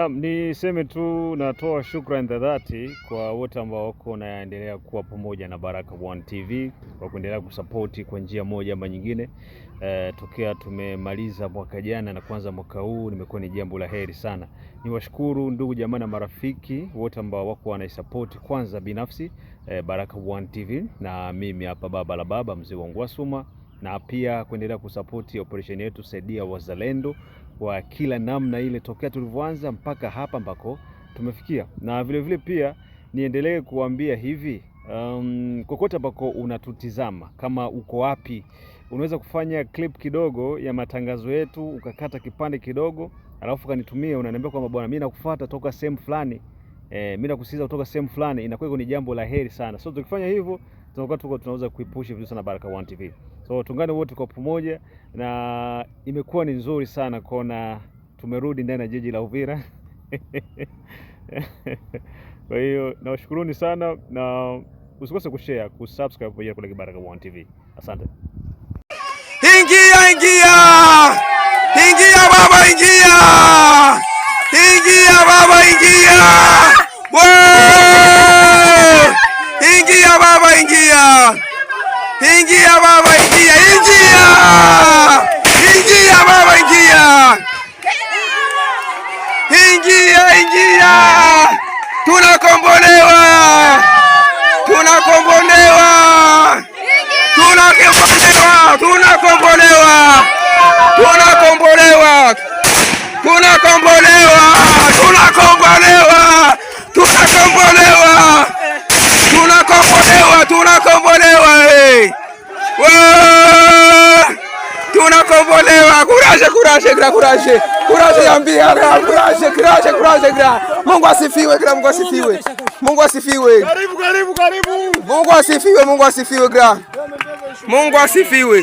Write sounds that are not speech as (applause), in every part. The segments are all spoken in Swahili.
Naam, niseme tu natoa shukrani za dhati kwa wote ambao wako naendelea kuwa pamoja na baraka One TV kwa kuendelea kusapoti kwa njia moja ama nyingine. E, tokea tumemaliza mwaka jana na kwanza mwaka huu nimekuwa ni jambo la heri sana. Niwashukuru ndugu jamaa na marafiki wote ambao wako wanaisapoti kwanza binafsi e, baraka One TV na mimi hapa baba la baba mzee wa na pia kuendelea kusapoti operesheni yetu saidia wazalendo kwa kila namna ile, tokea tulivyoanza mpaka hapa ambako tumefikia. Na vilevile vile pia niendelee kuambia hivi um, kokote ambako unatutizama, kama uko wapi, unaweza kufanya clip kidogo ya matangazo yetu, ukakata kipande kidogo, alafu kanitumie, unaniambia kwamba bwana, mimi nakufuata toka sehemu fulani eh, mimi nakusikiliza kutoka sehemu fulani, inakuwa ni jambo la heri sana. So tukifanya hivyo tunakuwa tuko tunaweza kuipush vizuri sana Baraka1 TV. So tungane wote kwa pamoja, na imekuwa ni nzuri sana kuona tumerudi ndani ya jiji la Uvira. (laughs) Kwa hiyo nawashukuruni sana na usikose kushare, kusubscribe pia kule Kibaraka One TV. Asante. Ingia, ingia, ingia baba, ingia, ingia baba, ingia, ingia baba, ingia Ingia baba, ingia, ingia, ingia baba, ingia, ingia, ingia. Tunakombolewa, tunakombolewa, tunakombolewa, tunakombolewa, tunakombolewa, tunakombolewa, tunakombolewa, tunakombolewa, tunakombolewa, tunakombolewa kurashe kura kurashe kurashe yambia kurashe kurashe kurashe kura. Mungu asifiwe, kila Mungu asifiwe, Mungu asifiwe, karibu karibu karibu, Mungu asifiwe, Mungu asifiwe kura, Mungu asifiwe,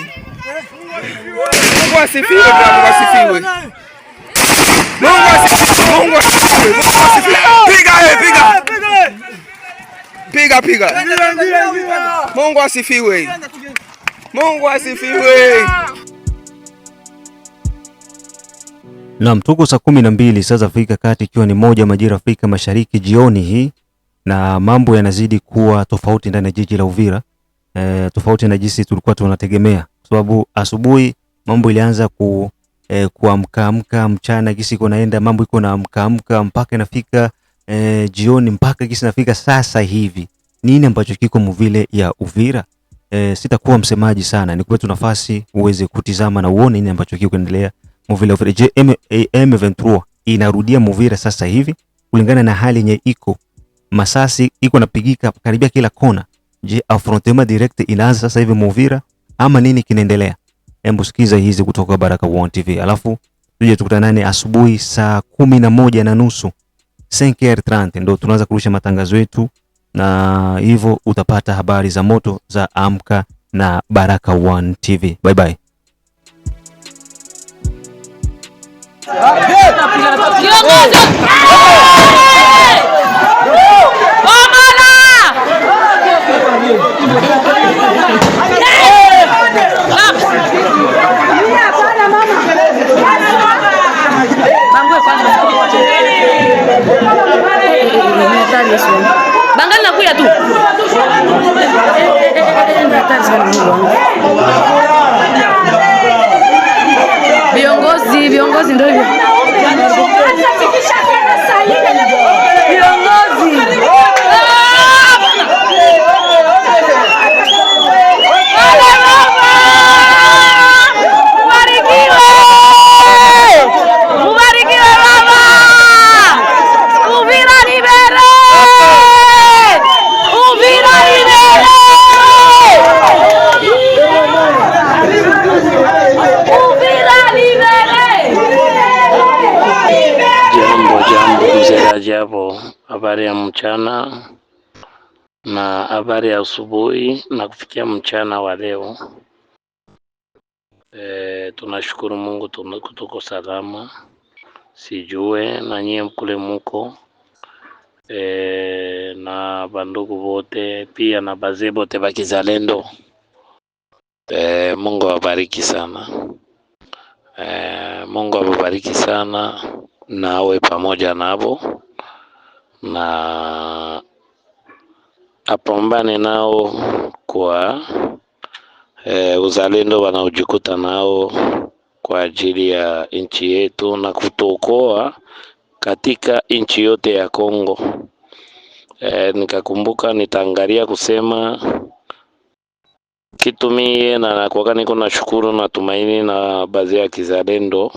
Mungu asifiwe kura, Mungu asifiwe, Mungu asifiwe, Mungu asifiwe, piga piga piga piga, Mungu asifiwe, Mungu asifiwe. Naam, tuko saa kumi na mbili saa za Afrika Kati, ikiwa ni moja majira Afrika Mashariki jioni hii, na mambo yanazidi kuwa tofauti ndani ya jiji la Uvira e, tofauti na jinsi tulikuwa tunategemea, sababu asubuhi mambo ilianza ku e, kuamka amka mchana gisi iko naenda, mambo iko na amka amka mpaka inafika e, jioni, mpaka gisi nafika sasa hivi, nini ambacho kiko muvile ya Uvira? E, sitakuwa msemaji sana, nikupe tu nafasi uweze kutizama na uone nini ambacho kiko kuendelea Muvila M23 inarudia Muvira sasa hivi kulingana na hali yenye iko masasi iko napigika karibia kila kona. Je, affrontement direct inaanza sasa hivi Muvira ama nini kinaendelea? Hebu sikiza hizi kutoka Baraka One TV, alafu tuje tukutanane asubuhi saa kumi na moja na nusu Senker h ndo tunaanza kurusha matangazo yetu, na hivyo utapata habari za moto za Amka na Baraka One TV. Bye bye. Bangal nakuya tu. Bangal nakuya tu. viongozi viongozi ndio hivyo viongozi habari ya mchana na habari ya asubuhi na kufikia mchana wa leo. E, tunashukuru Mungu tuko salama, sijue na nyie mkule muko e, na bandugu bote pia na bazee bote kizalendo e, Mungu awabariki sana e, Mungu awabariki sana nawe pamoja nabo na apambane nao kwa e, uzalendo wanaojikuta nao kwa ajili ya nchi yetu na kutuokoa katika nchi yote ya Kongo. E, nikakumbuka nitaangalia kusema kitu mie na nakuwaka niko na shukuru na tumaini na baadhi ya kizalendo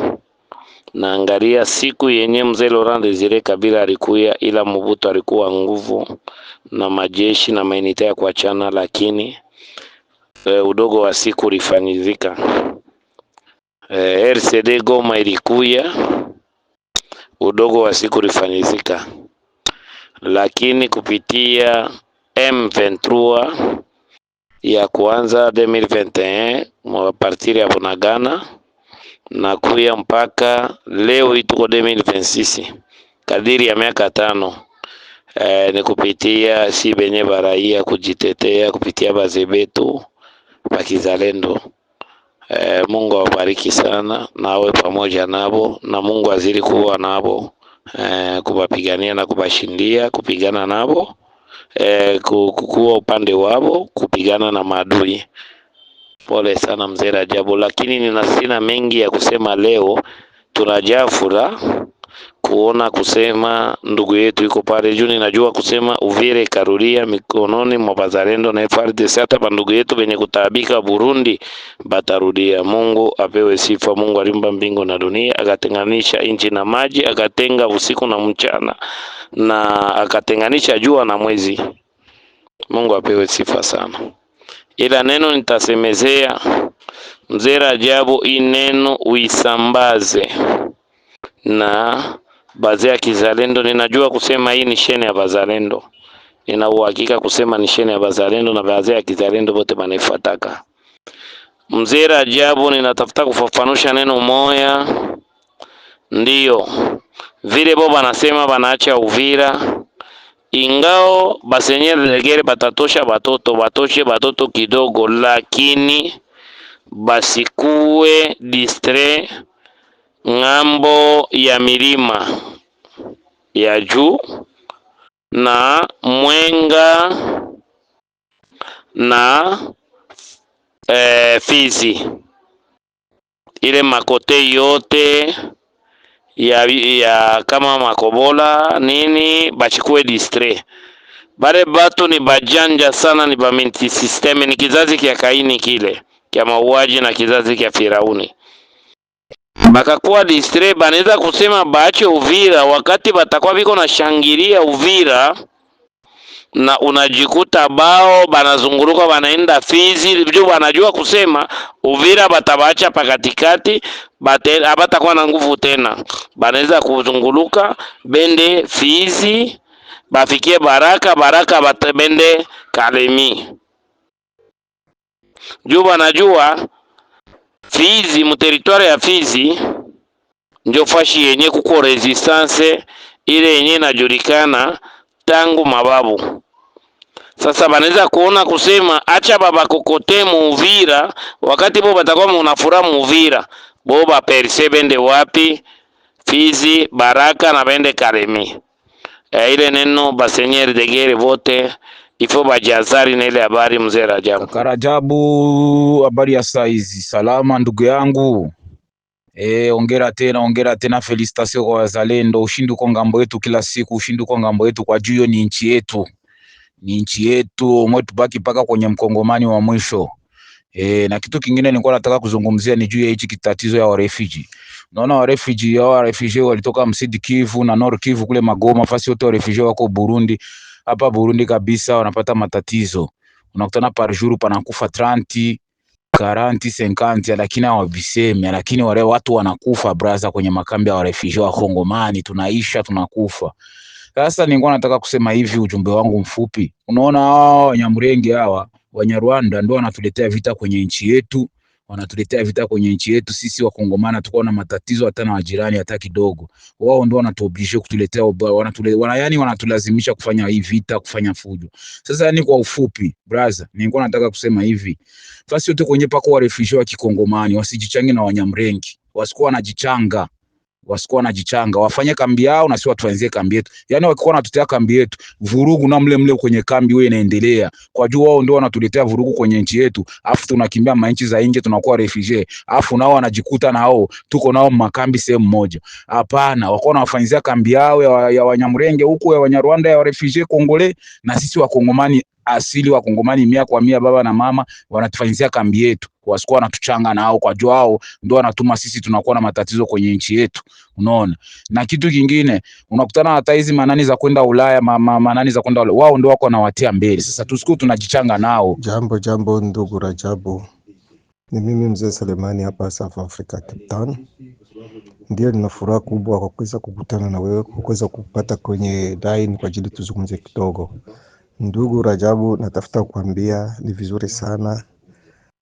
Naangalia siku yenye mzee Laurent Desire Kabila alikuya, ila Mobutu alikuwa nguvu na majeshi na mainita ya kuachana, lakini e, udogo wa siku ulifanyizika. E, eh, RCD Goma ilikuya, udogo wa siku ulifanyizika, lakini kupitia M23 ya kuanza 2021 mwa partiri ya Bunagana na kuya mpaka leo hii tuko 2026 kadiri ya miaka tano. E, ni kupitia si benye baraia kujitetea kupitia baze betu pakizalendo. E, eh, Mungu awabariki sana nawe pamoja nabo na Mungu azidi kuwa nabo e, kubapigania na kubashindia kupigana nabo e, kukuwa upande wabo kupigana na maadui. Pole sana mzee Rajabu, lakini nina sina mengi ya kusema leo. Tunajaa furaha kuona kusema ndugu yetu iko pale juu. Ninajua kusema Uvire karudia mikononi mwa bazarendo na FARDC. Hata bandugu yetu wenye kutaabika Burundi batarudia. Mungu apewe sifa. Mungu alimba mbingu na dunia, akatenganisha nchi na maji, akatenga usiku na mchana, na akatenganisha jua na mwezi. Mungu apewe sifa sana ila neno nitasemezea mzee Rajabu, hii neno uisambaze na baze ya kizalendo. Ninajua kusema hii ni sheni ya bazalendo, nina uhakika kusema ni sheni ya bazalendo na baze ya kizalendo wote banaifuataka. Mzee Rajabu, ninatafuta kufafanusha neno moya, ndiyo vile bo banasema banaacha Uvira ingao basenye legere batatosha batoto batoshe batoto kidogo, lakini basikuwe distre ng'ambo ya milima ya juu na Mwenga na e, Fizi ile makote yote ya, ya kama makobola nini bachikue distre bale batu ni bajanja sana, ni baminti system, ni kizazi kya Kaini kile kya mauaji na kizazi kya Firauni bakakuwa distre, baneza kusema baache Uvira wakati batakuwa biko na shangiria Uvira na unajikuta bao banazunguruka banaenda Fizi juu wanajua kusema Uvira batabacha pakatikati, abatakuwa na nguvu tena, banaweza kuzunguluka bende Fizi bafikie Baraka, Baraka batabende Kalemi juu wanajua Fizi muteritwari ya Fizi ndio fashi yenye kuko resistance ile yenye inajulikana tangu mababu sasa banaweza kuona kusema acha baba kokote Muvira, wakati bo batakuwa munafuraha Muvira, bo baperse bende wapi? Fizi, Baraka na bende Kalemi. E, eh, ile neno de degere vote ifo bajazari na ile habari. Mzee Rajabu Karajabu, habari ya saizi? Salama ndugu yangu. E, eh, ongera tena ongera tena, felicitation kwa wazalendo. Ushindi kwa ngambo yetu kila siku, ushindi kwa ngambo yetu kwa juu, ni nchi yetu ni nchi yetu, umwe tubaki mpaka kwenye mkongomani wa mwisho. E, na kitu kingine nilikuwa nataka kuzungumzia ni juu ya hichi kitatizo ya warefugee. Unaona warefugee hao refugee walitoka Msidi Kivu na Nord Kivu kule Magoma, fasi wote warefugee wako Burundi. Hapa Burundi kabisa wanapata matatizo. Unakutana par jour panakufa 30, karanti senkanti, lakini hawabisemi, lakini wale watu wanakufa braza kwenye makambi ya warefugee wa Kongomani, tunaisha tunakufa. Sasa nilikuwa nataka kusema hivi, ujumbe wangu mfupi, unaona hawa Wanyamrenge hawa Wanyarwanda ndio wanatuletea vita kwenye nchi yetu, wanatuletea vita kwenye nchi yetu. Sisi Wakongomana tuko na matatizo hata na wajirani hata kidogo, wao ndio wanatuoblige kutuletea, wanatule, wana, yani wanatulazimisha kufanya hii vita, kufanya fujo. Sasa yani kwa ufupi, brother, nilikuwa nataka kusema hivi, fasi yote kwenye pako wa refugee wa Kikongomani wasijichange na Wanyamrenge, wasikuwa wanajichanga wasikuwa wanajichanga, wafanye kambi yao na si watuanzie kambi yetu. Yani wakikuwa wanatutea kambi yetu, vurugu na mle mle kwenye kambi wewe inaendelea, kwa juu wao ndio wanatuletea vurugu kwenye nchi yetu, afu tunakimbia manchi za nje, tunakuwa refugee, afu nao wanajikuta nao tuko nao makambi sehemu moja. Hapana, wako na wafanyizia kambi yao ya, ya Wanyamurenge huko ya Wanyarwanda ya refugee Kongole, na sisi Wakongomani asili Wakongomani mia kwa mia, baba na mama wanatufanyizia kambi yetu wasikuwa wanatuchanga nao kwa jwao, ndio wanatuma sisi tunakuwa na matatizo kwenye nchi yetu, unaona. Na kitu kingine unakutana hata hizi manani za kwenda Ulaya, ma, ma, manani za kwenda wao ndio wako wanawatia mbele. Sasa tusikuu tunajichanga nao. Jambo jambo, ndugu Rajabu, ni mimi mzee Selemani hapa South Africa Cape Town. Ndio, nina furaha kubwa kwa kuweza kukutana na wewe, kwa kuweza kupata kwenye line kwa ajili tuzungumze kidogo. Ndugu Rajabu, natafuta kuambia ni vizuri sana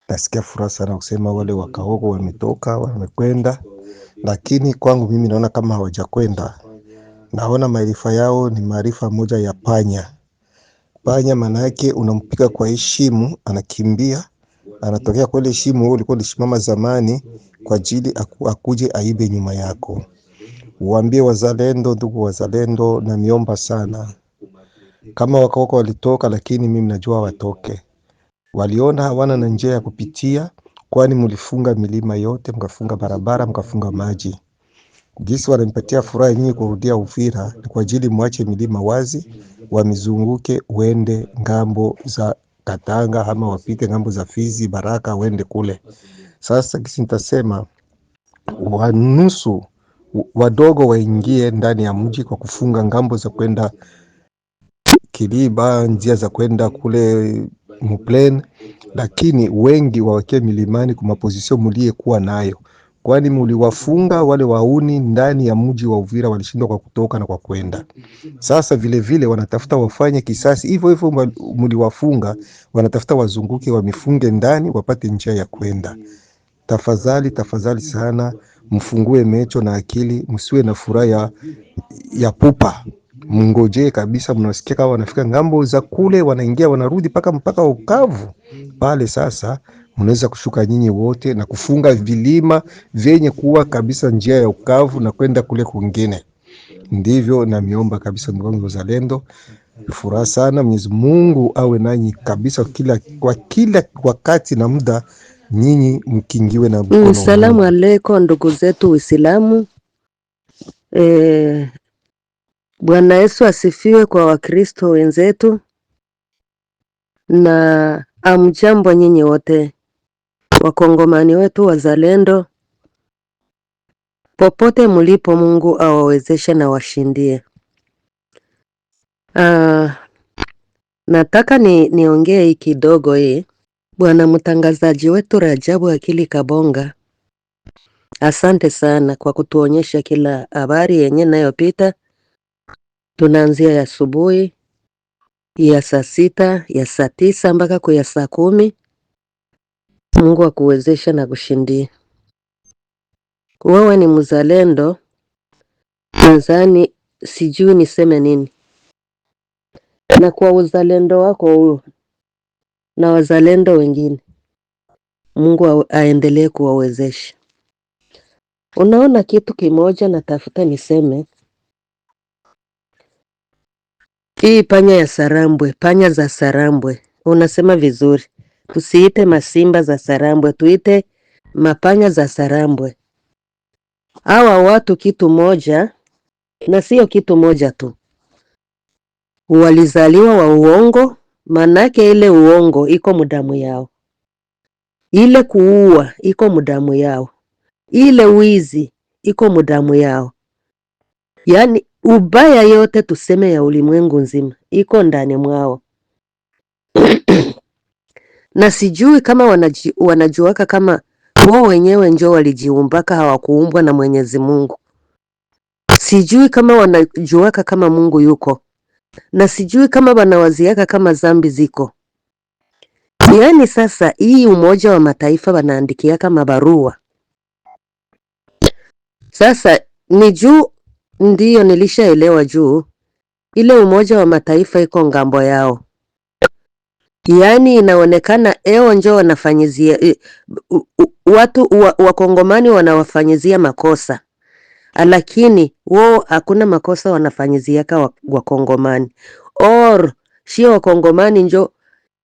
nasikia furaha sana kusema wale wakaoko wametoka, wamekwenda, lakini kwangu mimi naona kama hawajakwenda. Naona maarifa yao ni maarifa moja ya panya. Panya maana yake unampiga kwa heshima, anakimbia anatokea kule shimo wewe ulikuwa ulisimama zamani kwa ajili aku, akuje aibe nyuma yako. Uambie wazalendo, ndugu wazalendo, na niomba sana kama wakaoko walitoka, lakini mimi najua watoke Waliona hawana na njia ya kupitia, kwani mlifunga milima yote, mkafunga barabara, mkafunga maji. Gisi wanampatia furaha nyinyi kurudia Uvira ni kwa ajili mwache milima wazi, wamizunguke wende ngambo za Katanga ama wapite ngambo za Fizi, Baraka wende kule. Sasa gisi nitasema wanusu wadogo waingie ndani ya mji kwa kufunga ngambo za kwenda Kiliba, njia za kwenda kule muplene, lakini wengi wawekee milimani kwa mapozisio muliyekuwa nayo, kwani muliwafunga wale wauni ndani ya mji wa Uvira, walishindwa kwa kutoka na kwa kwenda. Sasa vilevile vile, wanatafuta wafanye kisasi hivyo hivyo muliwafunga, wanatafuta wazunguke, wamifunge ndani, wapate njia ya kwenda. Tafadhali, tafadhali sana, mfungue mecho na akili, msiwe na furaha ya pupa mngojee kabisa. Mnasikia kama wanafika ngambo za kule, wanaingia wanarudi paka mpaka Ukavu pale. Sasa mnaweza kushuka nyinyi wote na kufunga vilima vyenye kuwa kabisa njia ya Ukavu na kwenda kule kwingine. Ndivyo namiomba kabisa, ndugu zangu wazalendo, furaha sana. Mwenyezi Mungu awe nanyi kabisa kila, kwa kila wakati na muda, nyinyi mkingiwe na mkono. Salamu alaikum ndugu zetu Uislamu. E, eh, Bwana Yesu asifiwe kwa Wakristo wenzetu na amjambo nyinyi wote wakongomani wetu wazalendo, popote mlipo, Mungu awawezeshe na washindie. Uh, nataka ni niongee hii kidogo hii. Bwana mtangazaji wetu Rajabu Akili Kabonga, asante sana kwa kutuonyesha kila habari yenye inayopita Tunaanzia ya asubuhi, ya saa sita, ya saa tisa mpaka kuya saa kumi. Mungu akuwezesha na kushindia. Wewe ni mzalendo, nadhani sijui niseme nini. Na kwa uzalendo wako huo na wazalendo wengine, Mungu aendelee kuwawezesha. Unaona, kitu kimoja natafuta niseme Hii panya ya Sarambwe, panya za Sarambwe, unasema vizuri. Tusiite masimba za Sarambwe, tuite mapanya za Sarambwe. Hawa watu kitu moja na sio kitu moja tu, walizaliwa wa uongo. Manake ile uongo iko mudamu yao, ile kuua iko mudamu yao, ile wizi iko mudamu yao. Yaani Ubaya yote tuseme ya ulimwengu nzima iko ndani mwao (clears throat) na sijui kama wanaji, wanajuaka kama wao wenyewe njo walijiumbaka, hawakuumbwa na Mwenyezi Mungu. Sijui kama wanajuaka kama Mungu yuko, na sijui kama wanawaziaka kama zambi ziko. Yaani sasa hii Umoja wa Mataifa wanaandikiaka mabarua sasa ni juu Ndiyo, nilishaelewa juu ile Umoja wa Mataifa iko ngambo yao, yaani inaonekana eo njo wanafanyizia watu wakongomani wanawafanyizia makosa, lakini wao hakuna makosa wanafanyiziaka wakongomani or shia wakongomani njo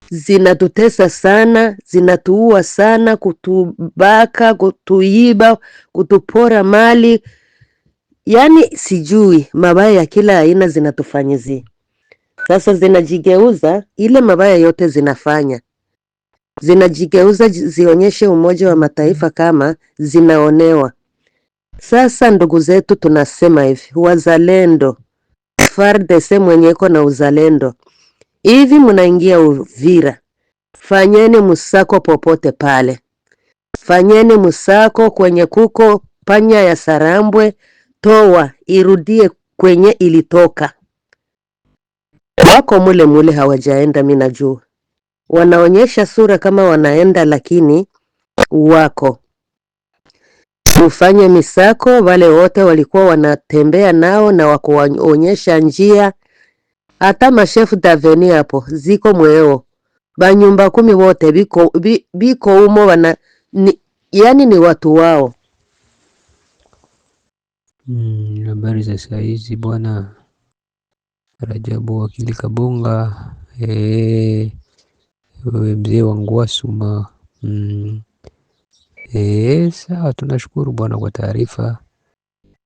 zinatutesa sana, zinatuua sana, kutubaka, kutuiba, kutupora mali yani sijui mabaya ya kila aina zinatufanyizia. Sasa zinajigeuza ile mabaya yote zinafanya zinajigeuza zionyeshe Umoja wa Mataifa kama zinaonewa. Sasa ndugu zetu, tunasema hivi wazalendo, FARDC iko na uzalendo, hivi mnaingia Uvira, fanyeni msako popote pale, fanyeni msako kwenye kuko panya ya Sarambwe toa irudie kwenye ilitoka. Wako mule mule, hawajaenda. Mimi najua wanaonyesha sura kama wanaenda, lakini wako ufanye misako. Wale wote walikuwa wanatembea nao na wakuonyesha njia, hata mashefu daveni hapo ziko mweo, banyumba kumi wote biko, biko umo wana, ni, yani ni watu wao Hmm, habari za saa hizi bwana Rajabu wakili Kabonga, wewe mzee wa Ngwasuma. Hmm. Sawa, tunashukuru bwana kwa taarifa.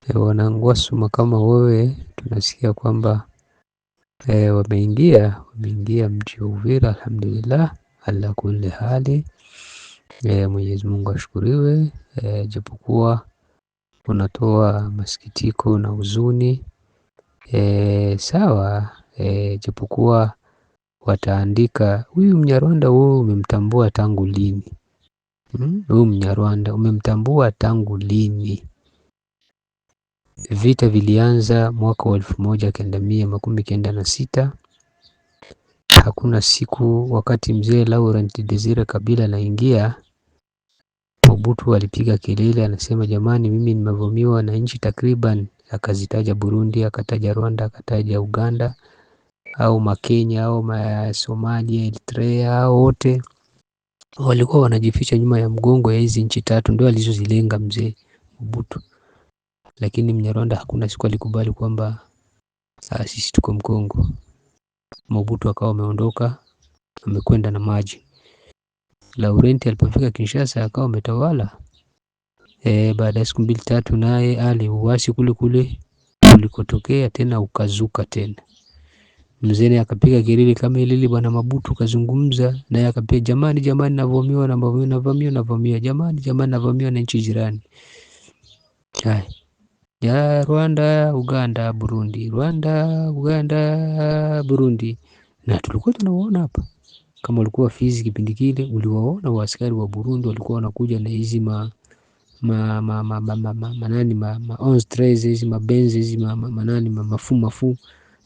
Eh, wana Ngwasuma kama wewe tunasikia kwamba e, wameingia wameingia mji wa Uvira. Alhamdulillah, ala kulli hali e, Mwenyezi Mungu ashukuriwe e, japokuwa unatoa masikitiko na huzuni e, sawa e, japokuwa wataandika huyu Mnyarwanda wewe umemtambua tangu lini? Hmm? Huyu hmm? Mnyarwanda umemtambua tangu lini? Vita vilianza mwaka wa elfu moja kenda mia makumi kenda na sita. Hakuna siku wakati mzee Laurent Desire Kabila anaingia Mobutu alipiga kelele anasema jamani mimi nimevamiwa na nchi takriban akazitaja Burundi, akataja Rwanda, akataja Uganda au Makenya au Somalia, Eritrea wote walikuwa wanajificha nyuma ya mgongo ya hizi nchi tatu, ndio alizozilenga mzee Mobutu. Lakini Mnyarwanda hakuna siku alikubali kwamba ah, sisi tuko Mkongo. Mobutu akawa ameondoka amekwenda na maji. Laurenti alipofika Kinshasa akawa umetawala e, eh, baada ya siku mbili tatu naye ali uasi kule kule ulikotokea tena ukazuka tena. Mzee akapiga kelele kama ile ile, bwana Mabutu kazungumza naye akapiga, jamani jamani, navamiwa na na navamiwa na navamiwa, jamani jamani, navamiwa na nchi jirani hai ya Rwanda, Uganda, Burundi, Rwanda, Uganda, Burundi, na tulikuwa tunaona hapa kama walikuwa Fizi kipindi kile, uliwaona waaskari wa Burundi walikuwa wanakuja na hizi ma ma ma ma ma ma ma manani ma ma onze treize hizi mabenzi hizi ma ma manani ma mafu mafu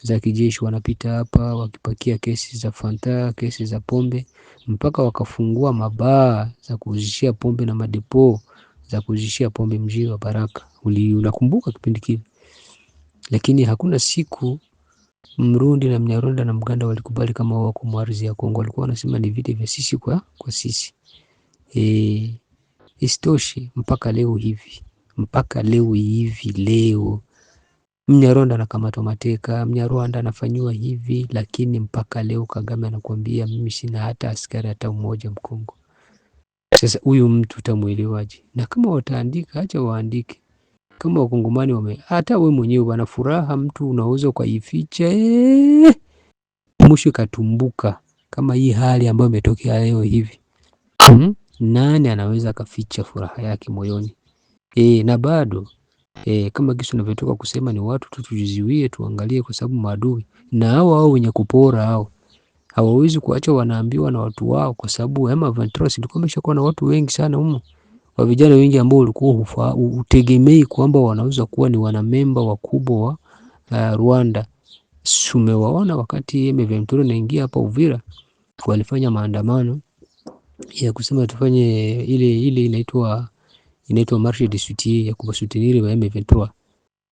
za kijeshi, wanapita hapa wakipakia kesi za fanta, kesi za pombe, mpaka wakafungua mabaa za kuuzishia pombe na madepo za kuuzishia pombe mjini wa Baraka. Uli, unakumbuka kipindi kile, lakini hakuna siku Mrundi na Mnyarwanda na Mganda walikubali kama wako ardhi ya Kongo, walikuwa wanasema ni vita vya sisi kwa, kwa sisi e, isitoshe mpaka leo hivi mpaka leo hivi leo Mnyarwanda anakamatwa mateka, Mnyarwanda anafanyiwa hivi, lakini mpaka leo Kagame anakuambia mimi sina hata askari hata mmoja Mkongo. Sasa huyu mtu utamwelewaje? Na kama wataandika, acha waandike kama wakongomani wame, hata we mwenyewe bana, furaha mtu unaweza ukaificha ee, mwisho ikatumbuka kama hii hali ambayo imetokea leo hivi. Hmm? Nani anaweza kaficha furaha yake moyoni? E, na bado e, kama kisu unavyotoka kusema ni watu tu tujiziwie, tuangalie, kwa sababu maadui na hao hao wenye kupora hao hawawezi kuacha, wanaambiwa na watu wao, kwa sababu M23 ilikuwa imeshakuwa na watu wengi sana humo wa vijana wengi ambao walikuwa hutegemei kwamba wanaweza kuwa ni wanamemba wakubwa wa uh, Rwanda. Sumewaona wakati Aime Ventura naingia hapa Uvira, walifanya maandamano ya kusema tufanye ile ile inaitwa inaitwa marche de soutien ya kuwasutenir wa Aime Ventura.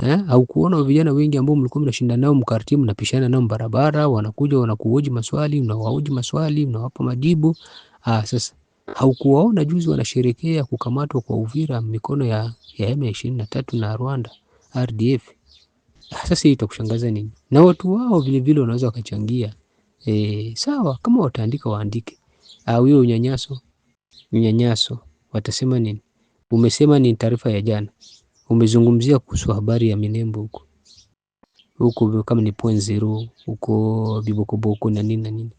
Eh, au kuona vijana wengi ambao mlikuwa mnashinda nao mkarti, mnapishana nao barabara, wanakuja wanakuhoji maswali, mnawahoji maswali, mnawapa majibu. Ah, sasa Haukuwaona juzi wanasherekea kukamatwa kwa Uvira mikono ya, ya M23 na Rwanda RDF. Sasa itakushangaza nini? Na watu wao vilevile wanaweza wakachangia. E, sawa kama wataandika waandike au ah, hiyo unyanyaso unyanyaso, watasema nini? Umesema ni taarifa ya jana, umezungumzia kuhusu habari ya Minembo huko huko, kama ni point zero huko Bibokoboko na nini na nini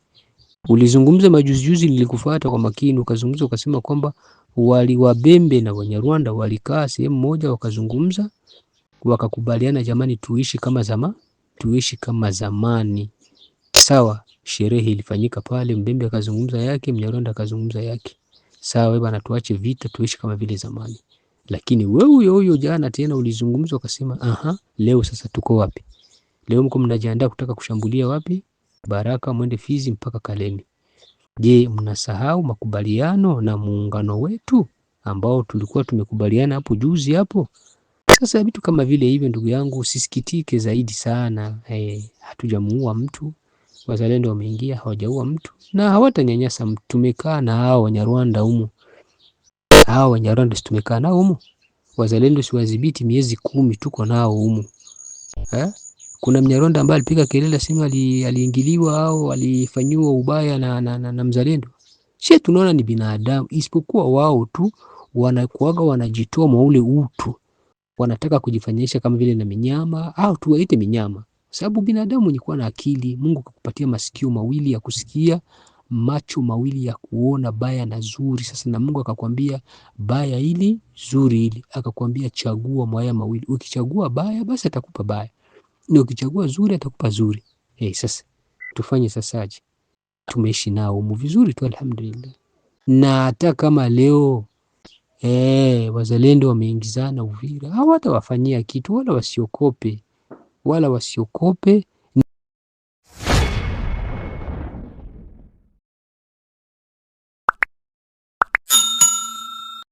Ulizungumza majuzijuzi, nilikufuata kwa makini, ukazungumza ukasema kwamba wali waliwabembe na Wanyarwanda walikaa sehemu moja, wakazungumza wakakubaliana, jamani, tuishi kama zama, tuishi kama zamani. Sawa, sherehe ilifanyika pale, mbembe akazungumza yake, Mnyarwanda akazungumza yake. Sawa bana, tuache vita, tuishi kama vile zamani. Lakini wewe huyo huyo jana tena ulizungumza ukasema, aha, leo sasa tuko wapi? Leo mko mnajiandaa kutaka kushambulia wapi? Baraka mwende Fizi mpaka Kalemi. Je, mnasahau makubaliano na muungano wetu ambao tulikuwa tumekubaliana hapo juzi hapo? Sasa vitu kama vile hivyo, ndugu yangu, usisikitike zaidi sana. eh, hatujamuua mtu, wazalendo wameingia, hawajaua mtu na hawatanyanyasa mtu. Tumekaa na hao Wanyarwanda humo, hao Wanyarwanda tumekaa nao humo, wazalendo siwadhibiti miezi kumi, tuko nao humo eh? kuna Mnyaronda ambaye alipiga kelele sema aliingiliwa au alifanyiwa ubaya na, na, na, na mzalendo. Sisi tunaona ni binadamu, isipokuwa wao tu wanakuaga wanajitoa mwa ule utu, wanataka kujifanyisha kama vile na minyama au tuwaite minyama, sababu binadamu ni kuwa na akili. Mungu kakupatia masikio mawili ya kusikia, macho mawili ya kuona baya na zuri. Sasa na Mungu akakwambia baya ili zuri ili, akakwambia chagua mwaya mawili, ukichagua baya basi atakupa baya na ukichagua zuri atakupa zuri. Hey, sasa tufanye sasaje? Tumeishi nao umu vizuri tu alhamdulillah, na hata kama leo eh, wazalendo wameingizana Uvira, hawatawafanyia kitu wala wasiokope, wala wasiokope